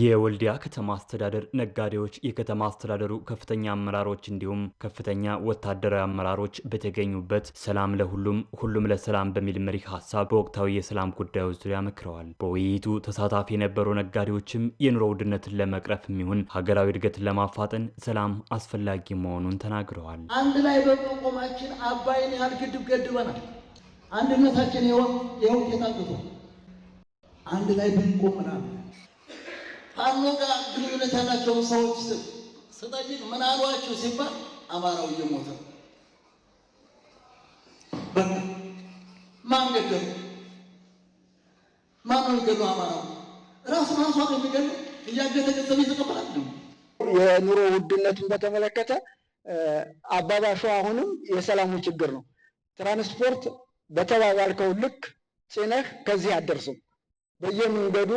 የወልዲያ ከተማ አስተዳደር ነጋዴዎች፣ የከተማ አስተዳደሩ ከፍተኛ አመራሮች እንዲሁም ከፍተኛ ወታደራዊ አመራሮች በተገኙበት ሰላም ለሁሉም ሁሉም ለሰላም በሚል መሪ ሀሳብ በወቅታዊ የሰላም ጉዳዮች ዙሪያ መክረዋል። በውይይቱ ተሳታፊ የነበሩ ነጋዴዎችም የኑሮ ውድነትን ለመቅረፍ የሚሆን ሀገራዊ እድገትን ለማፋጠን ሰላም አስፈላጊ መሆኑን ተናግረዋል። አንድ ላይ በመቆማችን አባይን ያህል ግድብ ገድበናል። አንድነታችን የውጤት አንድ ላይ ብንቆምናል ፋኖ ጋር ግንኙነት ያላቸውን ሰዎች ስጠይቅ ምን አሏቸው ሲባል አማራው እየሞተ ነው። ማን ገደሉ? ማን ነው የሚገሉ? አማራው ራሱ ራሷ ነው የሚገለው። እያገተ ገንዘብ እየተቀበላት ነው። የኑሮ ውድነቱን በተመለከተ አባባሹ አሁንም የሰላሙ ችግር ነው። ትራንስፖርት በተባባልከው ልክ ጭነህ ከዚህ አደርስም በየመንገዱ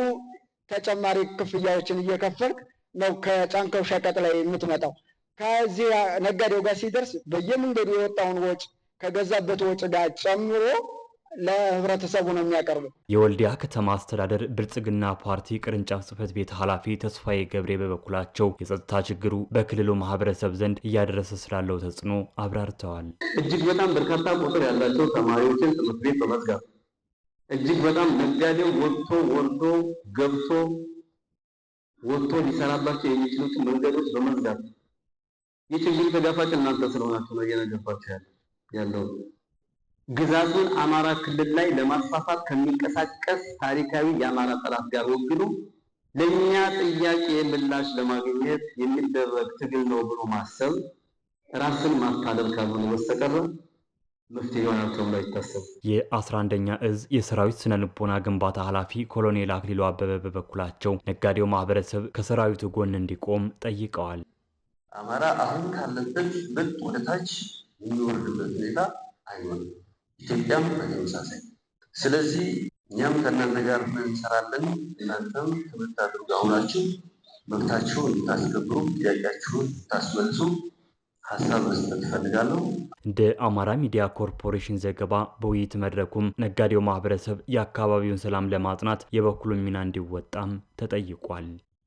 ተጨማሪ ክፍያዎችን እየከፈልክ ነው ከጫንከው ሸቀጥ ላይ የምትመጣው። ከዚህ ነጋዴው ጋር ሲደርስ በየመንገዱ የወጣውን ወጭ ከገዛበት ወጭ ጋር ጨምሮ ለህብረተሰቡ ነው የሚያቀርበው። የወልዲያ ከተማ አስተዳደር ብልጽግና ፓርቲ ቅርንጫፍ ጽህፈት ቤት ኃላፊ ተስፋዬ ገብሬ በበኩላቸው የጸጥታ ችግሩ በክልሉ ማህበረሰብ ዘንድ እያደረሰ ስላለው ተጽዕኖ አብራርተዋል። እጅግ በጣም በርካታ ቁጥር ያላቸው ተማሪዎችን ትምህርት ቤት በመዝጋት እጅግ በጣም ነጋዴው ወጥቶ ወርዶ ገብቶ ወጥቶ ሊሰራባቸው የሚችሉትን መንገዶች በመዝጋት የችግር ተጋፋጭ እናንተ ስለሆናችሁ ነው እየነገርኳችሁ ያለው። ግዛቱን አማራ ክልል ላይ ለማስፋፋት ከሚንቀሳቀስ ታሪካዊ የአማራ ጠላት ጋር ወግኑ ለእኛ ጥያቄ ምላሽ ለማግኘት የሚደረግ ትግል ነው ብሎ ማሰብ ራስን ማታለል ካልሆነ በስተቀር መፍትሄ ይሆናል ተብሎ አይታሰብም። የአስራአንደኛ እዝ የሰራዊት ስነ ልቦና ግንባታ ኃላፊ ኮሎኔል አክሊሉ አበበ በበኩላቸው ነጋዴው ማህበረሰብ ከሰራዊቱ ጎን እንዲቆም ጠይቀዋል። አማራ አሁን ካለበት ብልጥ ወደታች የሚወርድበት ሁኔታ አይሆንም። ኢትዮጵያም በተመሳሳይ። ስለዚህ እኛም ከእናንተ ጋር እንሰራለን። እናንተም ትምህርት አድርጉ። አሁናችሁ መብታችሁን እንድታስከብሩ፣ ጥያቄያችሁን እንድታስመልሱ ሀሳብ መስጠት እፈልጋለሁ። እንደ አማራ ሚዲያ ኮርፖሬሽን ዘገባ በውይይት መድረኩም ነጋዴው ማህበረሰብ የአካባቢውን ሰላም ለማጽናት የበኩሉን ሚና እንዲወጣም ተጠይቋል።